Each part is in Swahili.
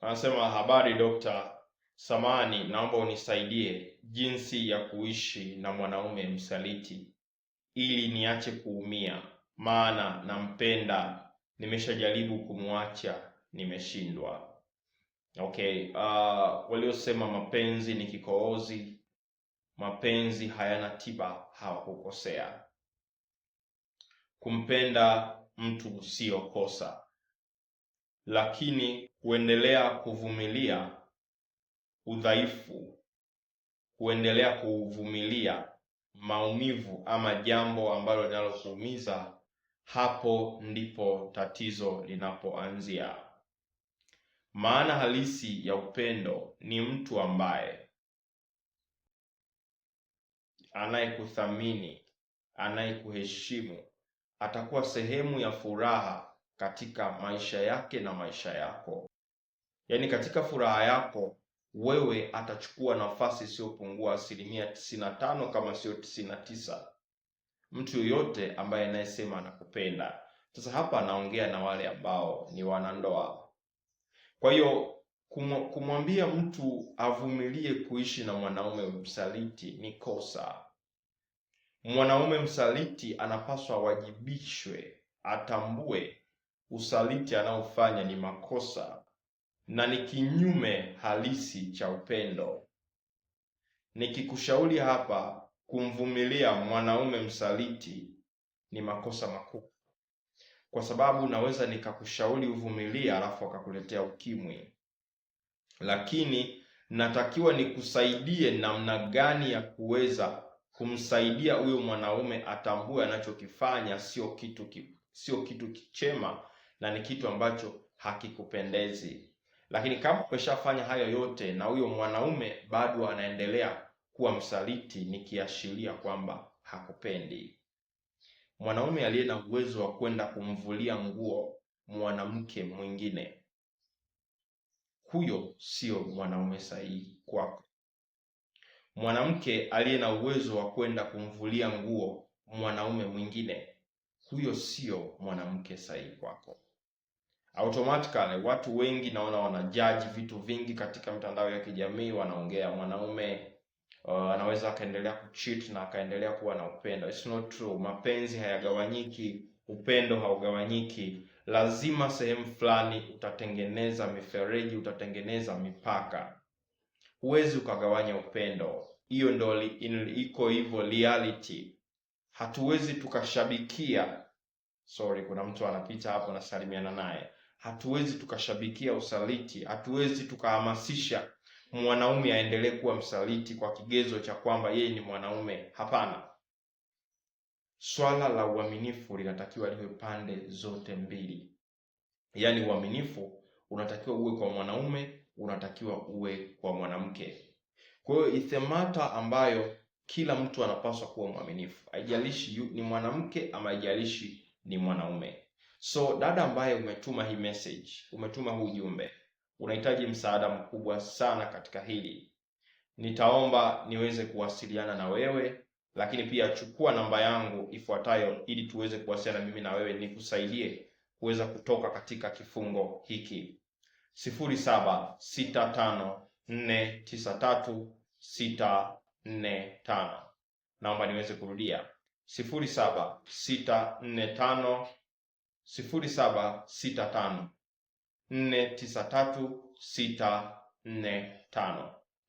Anasema habari dokta, samani, naomba unisaidie jinsi ya kuishi na mwanaume msaliti ili niache kuumia, maana nampenda, nimeshajaribu kumwacha, nimeshindwa. Okay, uh, waliosema mapenzi ni kikoozi, mapenzi hayana tiba hawakukosea. Kumpenda mtu siyo kosa, lakini kuendelea kuvumilia udhaifu, kuendelea kuvumilia maumivu ama jambo ambalo linalokuumiza, hapo ndipo tatizo linapoanzia. Maana halisi ya upendo ni mtu ambaye anayekuthamini, anayekuheshimu, atakuwa sehemu ya furaha katika maisha yake na maisha yako. Yaani katika furaha yako wewe atachukua nafasi isiyopungua asilimia tisini na tano kama sio tisini na tisa mtu yoyote ambaye anayesema anakupenda. Sasa hapa anaongea na wale ambao ni wanandoa. Kwa hiyo kumwambia mtu avumilie kuishi na mwanaume msaliti ni kosa. Mwanaume msaliti anapaswa awajibishwe, atambue usaliti anaofanya ni makosa, na ni kinyume halisi cha upendo. Nikikushauri hapa, kumvumilia mwanaume msaliti ni makosa makubwa, kwa sababu naweza nikakushauri uvumilie, alafu akakuletea ukimwi. Lakini natakiwa nikusaidie namna gani ya kuweza kumsaidia huyo mwanaume atambue anachokifanya sio kitu, sio kitu kichema na ni kitu ambacho hakikupendezi. Lakini kama umeshafanya hayo yote na huyo mwanaume bado anaendelea kuwa msaliti, ni kiashiria kwamba hakupendi. Mwanaume aliye na uwezo wa kwenda kumvulia nguo mwanamke mwingine, huyo sio mwanaume sahihi kwako. Mwanamke aliye na uwezo wa kwenda kumvulia nguo mwanaume mwingine, huyo siyo mwanamke sahihi kwako automatically watu wengi naona wanajaji vitu vingi katika mitandao ya kijamii wanaongea, mwanaume uh, anaweza akaendelea kucheat na akaendelea kuwa na upendo. It's not true. Mapenzi hayagawanyiki, upendo haugawanyiki. Lazima sehemu fulani utatengeneza mifereji, utatengeneza mipaka. Huwezi ukagawanya upendo. Hiyo ndo iko hivyo reality. Hatuwezi tukashabikia. Sorry, kuna mtu anapita hapo, nasalimiana naye hatuwezi tukashabikia usaliti, hatuwezi tukahamasisha mwanaume aendelee kuwa msaliti kwa kigezo cha kwamba yeye ni mwanaume. Hapana, swala la uaminifu linatakiwa liwe pande zote mbili, yaani uaminifu unatakiwa uwe kwa mwanaume, unatakiwa uwe kwa mwanamke. Kwa hiyo ithemata ambayo kila mtu anapaswa kuwa mwaminifu, haijalishi ni mwanamke ama haijalishi ni mwanaume. So dada ambaye umetuma hii message, umetuma huu ujumbe, unahitaji msaada mkubwa sana katika hili. Nitaomba niweze kuwasiliana na wewe, lakini pia chukua namba yangu ifuatayo ili tuweze kuwasiliana mimi na wewe, nikusaidie kuweza kutoka katika kifungo hiki: sifuri sita nne tano. Naomba niweze kurudia: sifuri saba sita nne tano 0765493645.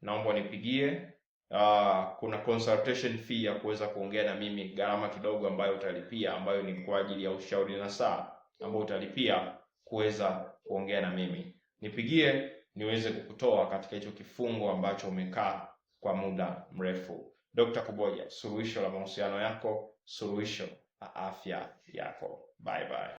Naomba nipigie. Uh, kuna consultation fee ya kuweza kuongea na mimi, gharama kidogo ambayo utalipia, ambayo ni kwa ajili ya ushauri na saa ambayo utalipia kuweza kuongea na mimi. Nipigie niweze kukutoa katika hicho kifungo ambacho umekaa kwa muda mrefu. Dr. Kuboja, suluhisho la mahusiano yako, suluhisho la afya yako. Bye bye.